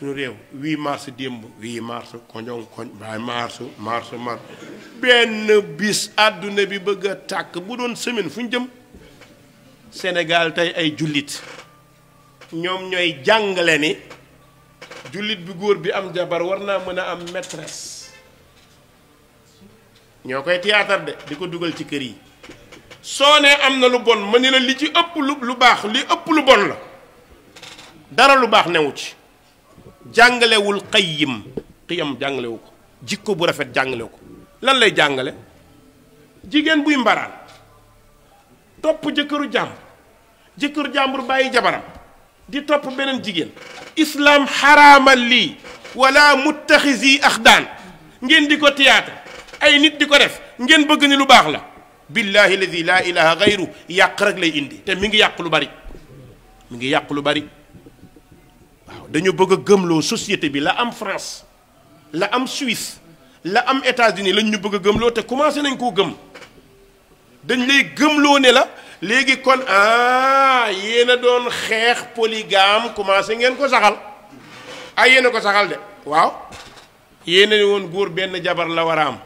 suñu rew 8 mars demb 8 mars konjon kon bay mars mars mars ben bis aduna bi bëgg tak bu doon semaine fuñu jëm sénégal tay ay julit ñom ñoy jangalé ni julit bi goor bi am jabar warna mëna am maîtresse ñokay teater théâtre de diko duggal ci kër yi am lu bon Apulub li ci ëpp lu bax li ëpp lu bon la dara lu bax newu ci jàngalewul xayyim xiyam jàngalewu ko jikko bu rafet jàngalewu ko lan lay jàngale jigéen buy mbaraan topp jëkkëru jàmbur jëkkëru jàmbur bàyyi jabaram di topp beneen jigéen islaam xaraamal lii wala ak axdaan ngeen di ko tiyaata ay nit di ko def ngeen bëgg ni lu baax la billahi alladi laa ilaha gayru yàq rek lay indi te mi ngi yàq lu bari mu ngi yàq lu bari waaw dañu bëgg a gëmloo société bi la am France la am Suisse la am États-Unis lañ ñu bëgg gëmloo te commencé nañ koo gëm dañ lay gëmloo ne la léegi kon ah yéen a doon xeex polygame commencé ngeen ko saxal ah yéen a ko saxal de waaw yéen a woon góor benn jabar la war a am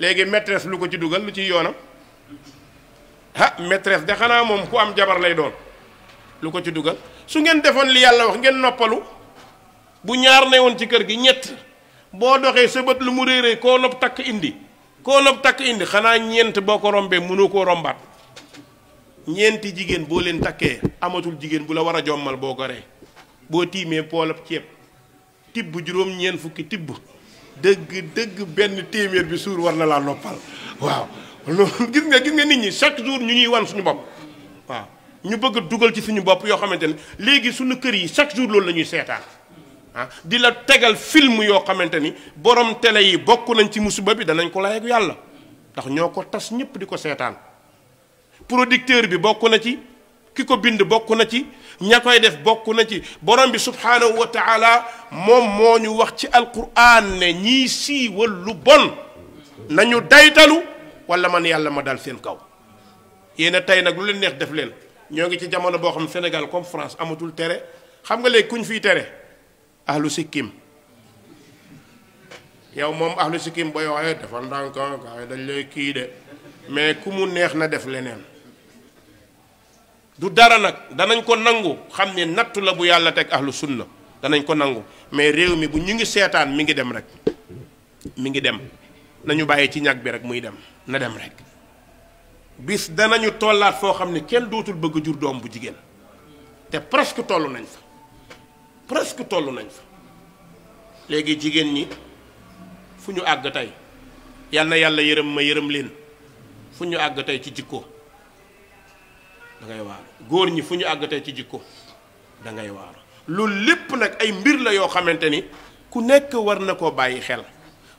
léegi maîtresse lu ko ci dugal lu ci yoonam ah maîtresse de xanaa moom ku am jabar lay doon lu ko ci dugal. su ngeen defoon li yàlla wax ngeen noppalu bu ñaar ne woon ci kër gi ñett boo doxee sa bët lu mu réeree koo nopp takk indi koo nopp takk indi xanaa ñeent boo ko rombee mënu koo rombaat ñeenti jigéen boo leen takkee amatul jigéen bu la war a jommal boo goree boo tiimee poolab ceeb tibb juróom ñeent fukki tibb dëgg dëgg benn téeméer bi suur war na laa noppal waaw loolu gis nga gis nga nit ñi chaque jour ñu ñuy wan suñu bopp waaw ñu bëgg a dugal ci suñu bopp yoo xamante ne léegi suñu kër yi chaque jour loolu la ñuy seetaan ah di la tegal film yoo xamante ni borom tele yi bokk nañ ci musiba bi danañ ko layeeg yàlla ndax ñoo ko tas ñëpp di ko seetaan producteur bi bokk na ci ki ko bind bokk na ci ña koy def bokk na ci borom bi subhaanahu wa taala moom moo ñu wax ci alquran ne ñiy siiwal lu bon nañu daytalu wala man yàlla ma dal seen kaw yéen a tey nag lu leen neex def leen ñoo ngi ci jamono boo xam ne Sénégal comme France amatul tere xam nga léegi kuñ fiy tere ahlu sikkim yow moom ahlu sikkim booy waxee dafa ndànk gaay dañ lay kii de mais ku mu neex na def leneen du dara nag danañ ko nangu xam ne nattu la bu yàlla teg ahlu sunna danañ ko nangu mais réew mi bu ñu ngi seetaan mi ngi dem rek mi ngi dem nañu bàyyi ci ñag bi rek muy dem na dem rek bis danañu tollaat foo xam ne kenn dootul bëgg jur doom bu jigéen te presque toll nañ fa presque toll nañ fa léegi jigéen ñi fu ñu àgg tey yal yàlla yërëm ma yërëm leen fu ñu àgg tey ci jikko da ngay waar góor ñi fu ñu àgg ci jikko da ngay waar loolu lépp nag ay mbir la yoo xamante ni ku nekk war na koo bàyyi xel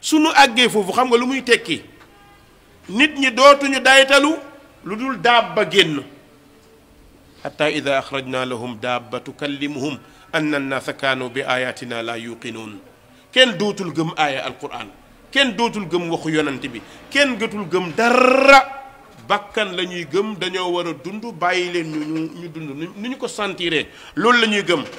suñu àggee foofu xam nga lu muy tekki nit ñi dootuñu daytalu لودول دابة جن حتى إذا أخرجنا لهم دابة تكلمهم أن الناس كانوا بآياتنا لا يوقنون كن دوت الجم آية القرآن كن دوت الجم وخيون أنتبه كن دوت الجم درة bakkan lañuy gëm dañoo war a dund bàyyi leen ñu ñu ñu